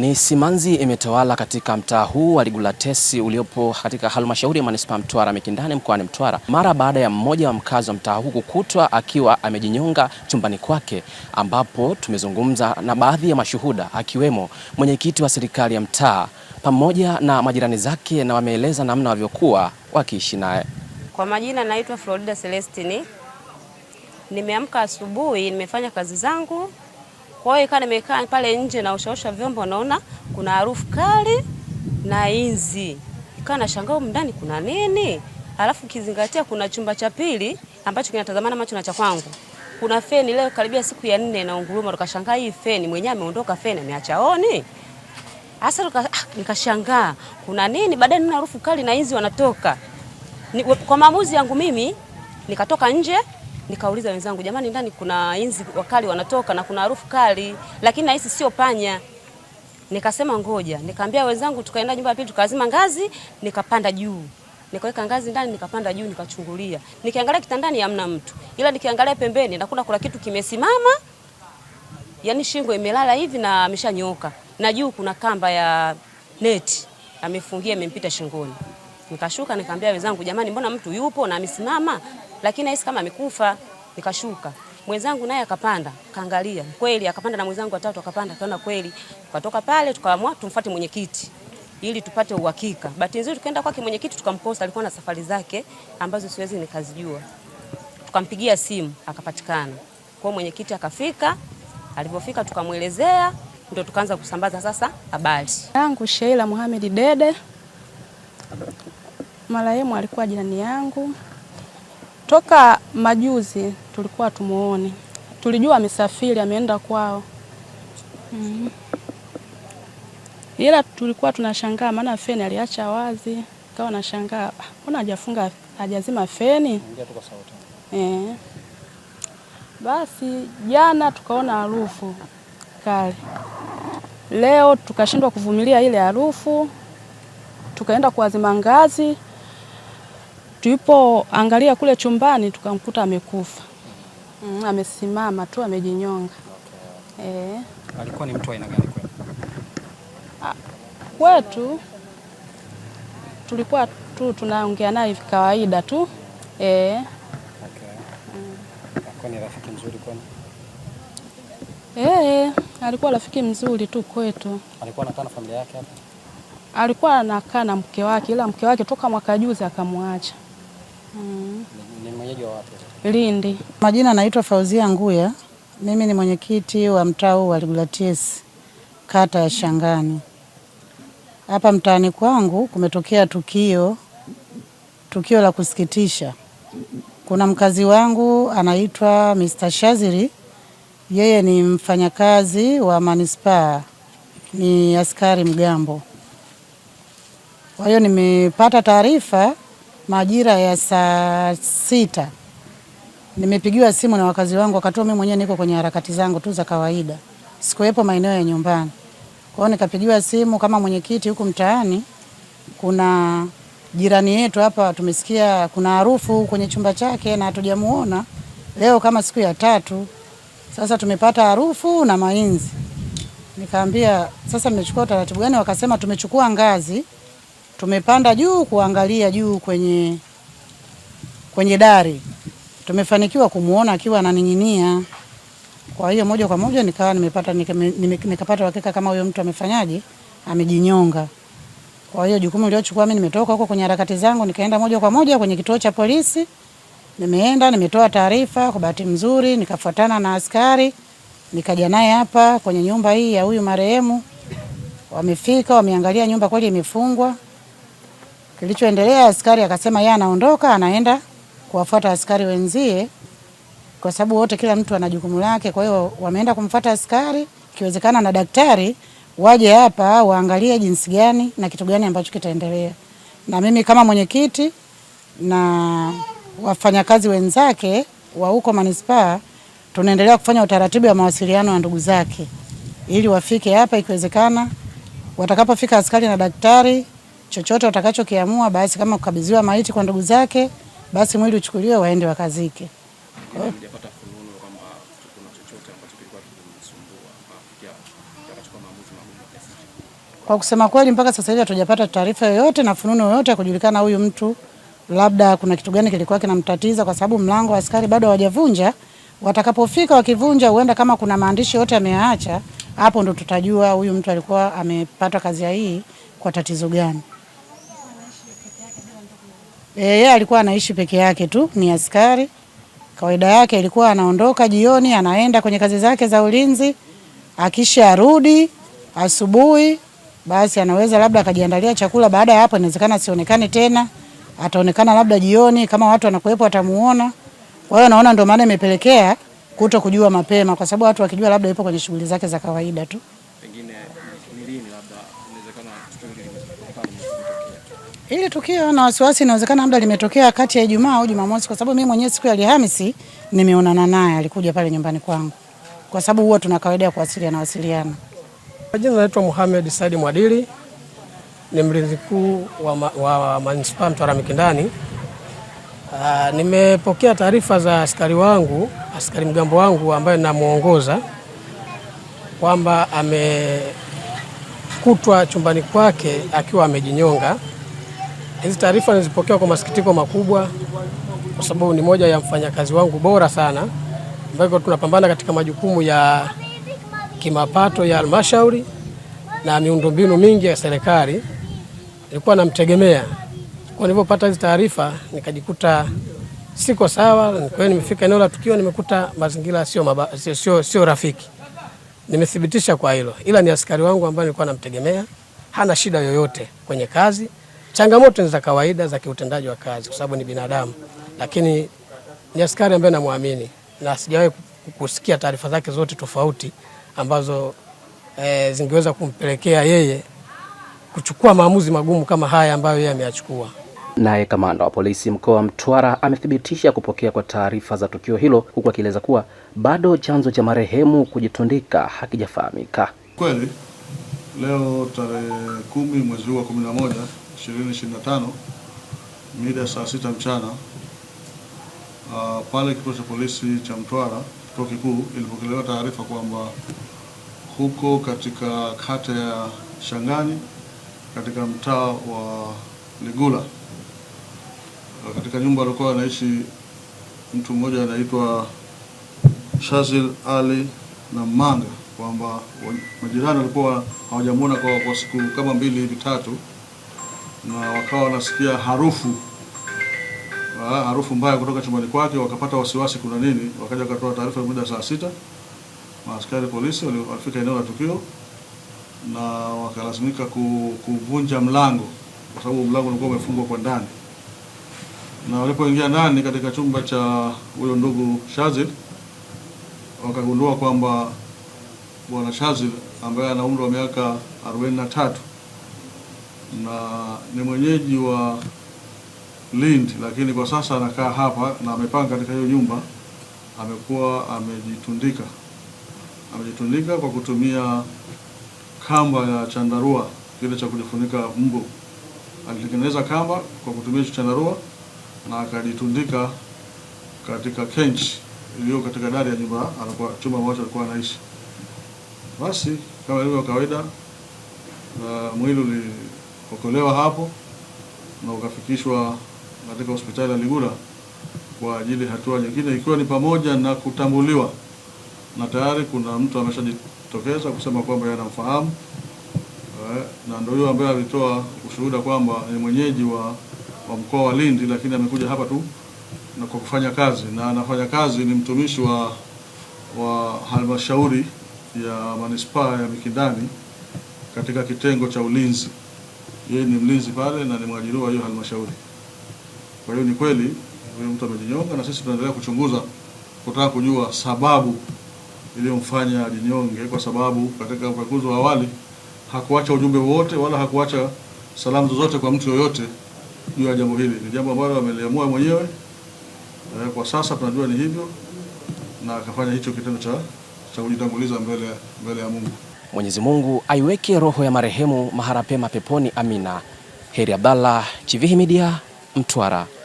Ni simanzi imetawala katika mtaa huu wa Ligulatesi uliopo katika halmashauri ya manispaa Mtwara Mikindani mkoani Mtwara mara baada ya mmoja wa mkazi wa mtaa huu kukutwa akiwa amejinyonga chumbani kwake, ambapo tumezungumza na baadhi ya mashuhuda akiwemo mwenyekiti wa serikali ya mtaa pamoja na majirani zake, na wameeleza namna walivyokuwa wakiishi naye. Kwa majina naitwa Florida Celestini. Nimeamka asubuhi, nimefanya kazi zangu kwa hiyo ikawa nimekaa pale nje na ushaosha vyombo, naona kuna harufu kali na inzi, ikawa nashangaa huko ndani kuna nini, alafu kizingatia kuna chumba cha pili ambacho kinatazamana macho na cha kwangu kuna feni leo karibia siku ya nne na unguruma, tukashangaa hii feni mwenyewe ameondoka, feni ameacha oni. Hasa ah, nikashangaa kuna nini, baadaye nina harufu kali na inzi wanatoka. Ni, kwa maamuzi yangu mimi nikatoka nje nikauliza wenzangu, jamani, ndani kuna inzi wakali wanatoka na kuna harufu kali, lakini nahisi sio panya. Nikasema ngoja, nikaambia wenzangu, tukaenda nyumba ya pili, tukazima ngazi, nikapanda juu, nikaweka ngazi ndani, nikapanda juu, nikachungulia, nikiangalia kitandani hamna mtu, ila nikiangalia pembeni nakuna kuna kitu kimesimama, yani shingo imelala hivi na ameshanyoka, na juu kuna kamba ya neti amefungia, imempita shingoni. Nikashuka nikaambia wenzangu, jamani, mbona mtu yupo na amesimama? lakini nahisi kama amekufa. Nikashuka, mwenzangu naye akapanda, kaangalia kweli, akapanda na mwenzangu watatu akapanda, kaona kweli. Tukatoka pale tukaamua tumfuate mwenyekiti ili tupate uhakika. Bahati nzuri tukaenda kwake mwenyekiti tukamkosa, alikuwa na safari zake ambazo siwezi nikazijua. Tukampigia simu akapatikana. Kwa mwenyekiti akafika, alipofika tukamwelezea, ndio tukaanza kusambaza sasa habari. Yangu Sheila Muhammad Dede marehemu alikuwa jirani yangu Toka majuzi tulikuwa tumuone, tulijua amesafiri ameenda kwao mm Ila tulikuwa tunashangaa, maana feni aliacha wazi, kawa nashangaa ah, mbona hajafunga hajazima feni e. Basi jana tukaona harufu kali, leo tukashindwa kuvumilia ile harufu, tukaenda kuwazima ngazi Tulipoangalia kule chumbani tukamkuta amekufa. Mm, amesimama tu amejinyonga. Okay. E. Alikuwa ni mtu aina gani kwenu? Ah, kwetu tulikuwa tu tunaongea naye kawaida tu e. Okay. Mm. Alikuwa ni rafiki mzuri kwenu? E, alikuwa rafiki mzuri tu kwetu. Alikuwa anakaa na familia yake hapa? Alikuwa anakaa na mke wake, ila mke wake toka mwaka juzi akamwacha. Mm. Ni mwenyeji wa wapi? Lindi. Majina naitwa Fauzia Nguya. Mimi ni mwenyekiti wa mtaa wa Ligulatis kata ya Shangani. Hapa mtaani kwangu kumetokea tukio tukio la kusikitisha. Kuna mkazi wangu anaitwa Mr. Shaziri. Yeye ni mfanyakazi wa manispaa, ni askari mgambo. Kwa hiyo nimepata taarifa majira ya saa sita nimepigiwa simu na wakazi wangu, wakatoa. Mimi mwenyewe niko kwenye harakati zangu tu za kawaida, sikuwepo maeneo ya nyumbani. Kwa hiyo nikapigiwa simu kama mwenyekiti, huku mtaani kuna jirani yetu hapa, tumesikia kuna harufu kwenye chumba chake na hatujamuona leo kama siku ya tatu sasa, tumepata harufu na mainzi. Nikaambia sasa, mmechukua utaratibu gani? Wakasema tumechukua ngazi tumepanda juu kuangalia juu kwenye, kwenye dari tumefanikiwa kumuona akiwa ananing'inia. Kwa hiyo moja kwa moja nikawa nimepata nikapata uhakika kama huyo mtu amefanyaje, amejinyonga. Kwa hiyo jukumu niliochukua mimi, nimetoka huko kwenye harakati zangu nikaenda moja kwa moja kwenye kituo cha polisi, nimeenda nimetoa taarifa. Kwa bahati mzuri nikafuatana na askari, nikaja naye hapa kwenye nyumba hii ya huyu marehemu. Wamefika wameangalia nyumba, kweli imefungwa. Kilichoendelea, askari akasema yeye anaondoka, anaenda kuwafuata askari wenzie, kwa sababu wote, kila mtu ana jukumu lake. Kwa hiyo wameenda kumfuata askari, ikiwezekana na daktari waje hapa waangalie jinsi gani na kitu gani ambacho kitaendelea. Na mimi kama mwenyekiti na wafanyakazi wenzake wa huko manispaa tunaendelea kufanya utaratibu wa mawasiliano na ndugu zake ili wafike hapa, ikiwezekana watakapofika askari na daktari chochote utakachokiamua, basi kama kukabidhiwa maiti kwa ndugu zake, basi mwili uchukuliwe waende wakazike. Kwa kusema kweli, mpaka sasa hivi hatujapata taarifa yoyote na fununu yoyote ya kujulikana huyu mtu, labda kuna kitu gani kilikuwa kinamtatiza, kwa sababu mlango wa askari bado hawajavunja. Watakapofika wakivunja, huenda kama kuna maandishi yote ameyaacha, hapo ndo tutajua huyu mtu alikuwa amepata kazi ya hii kwa tatizo gani. Eh, yeye alikuwa anaishi peke yake tu, ni askari kawaida yake, ilikuwa anaondoka jioni anaenda kwenye kazi zake za ulinzi, akisha arudi asubuhi basi anaweza labda akajiandalia chakula. Baada ya hapo, inawezekana sionekane tena, ataonekana labda jioni, kama watu wanakuwepo atamuona. Kwa hiyo naona ndio maana imepelekea kuto kujua mapema, kwa sababu watu wakijua labda yupo kwenye shughuli zake za kawaida tu. hili tukio na wasiwasi inawezekana labda limetokea kati ya Ijumaa au Jumamosi, kwa sababu mimi mwenyewe siku ya Alhamisi nimeonana naye, alikuja pale nyumbani kwangu, kwa sababu huwa tuna kawaida ya kuwasiliana wasiliana. Jina naitwa muhamed Said Mwadili, ni mlinzi mkuu wa, ma, wa manispaa Mtwara Mikindani. Ah, nimepokea taarifa za askari wangu, askari mgambo wangu ambaye namwongoza kwamba amekutwa chumbani kwake akiwa amejinyonga. Hizi taarifa nilizipokea kwa masikitiko makubwa, kwa sababu ni moja ya mfanyakazi wangu bora sana ambaye tunapambana katika majukumu ya kimapato ya halmashauri na miundombinu mingi ya serikali. Nilikuwa namtegemea kwa, nilipopata hizi taarifa nikajikuta siko sawa. Kwa hiyo nimefika eneo la tukio, nimekuta mazingira sio rafiki. Nimethibitisha kwa hilo, ila ni askari wangu ambaye nilikuwa namtegemea, hana shida yoyote kwenye kazi. Changamoto za kawaida za kiutendaji wa kazi, kwa sababu ni binadamu, lakini ni askari ambaye namwamini na sijawahi kusikia taarifa zake zote tofauti ambazo e, zingeweza kumpelekea yeye kuchukua maamuzi magumu kama haya ambayo yeye ameyachukua. Naye kamanda wa polisi mkoa wa Mtwara amethibitisha kupokea kwa taarifa za tukio hilo, huku akieleza kuwa bado chanzo cha marehemu kujitundika hakijafahamika. Kweli leo tarehe kumi mwezi huu wa kumi na moja 2025 mida saa sita mchana uh, pale kituo cha polisi cha Mtwara kituo kikuu ilipokelewa taarifa kwamba huko katika kata ya Shangani katika mtaa wa Ligula ah, katika nyumba alikuwa anaishi mtu mmoja anaitwa Shazil Ali na Manga, kwamba majirani walikuwa hawajamwona kwa, kwa siku kama mbili hivi tatu na wakawa wanasikia harufu ha, ah, harufu mbaya kutoka chumbani kwake, wakapata wasiwasi, kuna nini? Wakaja wakatoa taarifa muda saa sita, maaskari polisi walifika eneo la tukio na wakalazimika kuvunja mlango kwa sababu mlango ulikuwa umefungwa kwa ndani, na walipoingia ndani katika chumba cha huyo ndugu Shazil wakagundua kwamba bwana Shazil ambaye ana umri wa miaka arobaini na tatu na ni mwenyeji wa Lindi, lakini kwa sasa anakaa hapa na amepanga katika hiyo nyumba, amekuwa amejitundika amejitundika kwa kutumia kamba ya chandarua kile cha kujifunika mbu. Alitengeneza kamba kwa kutumia chandarua na akajitundika katika kench iliyo katika dari ya nyumba anakuwa chumba ambacho alikuwa anaishi. Basi kama ilivyo kawaida, uh, mwili uli ukatolewa hapo na ukafikishwa katika hospitali ya Ligula kwa ajili hatua nyingine, ikiwa ni pamoja na kutambuliwa, na tayari kuna mtu ameshajitokeza kusema kwamba anamfahamu eh, na ndio huyo ambaye alitoa ushuhuda kwamba ni mwenyeji wa, wa mkoa wa Lindi, lakini amekuja hapa tu na kwa kufanya kazi na anafanya kazi, ni mtumishi wa, wa halmashauri ya manispaa ya Mikindani katika kitengo cha ulinzi yeye ni mlinzi pale na ni mwajiriwa hiyo halmashauri. Kwa hiyo ni kweli huyo mtu amejinyonga, na sisi tunaendelea kuchunguza kutaka kujua sababu iliyomfanya ajinyonge, kwa sababu katika ukaguzi wa awali hakuacha ujumbe wowote wala hakuacha salamu zozote kwa mtu yoyote juu ya jambo hili. Ni jambo ambalo ameliamua mwenyewe, eh, kwa sasa tunajua ni hivyo, na akafanya hicho kitendo cha cha kujitanguliza mbele mbele ya Mungu. Mwenyezi Mungu aiweke roho ya marehemu maharapema pema peponi, amina. Heri Abdallah, Chivihi Media, Mtwara.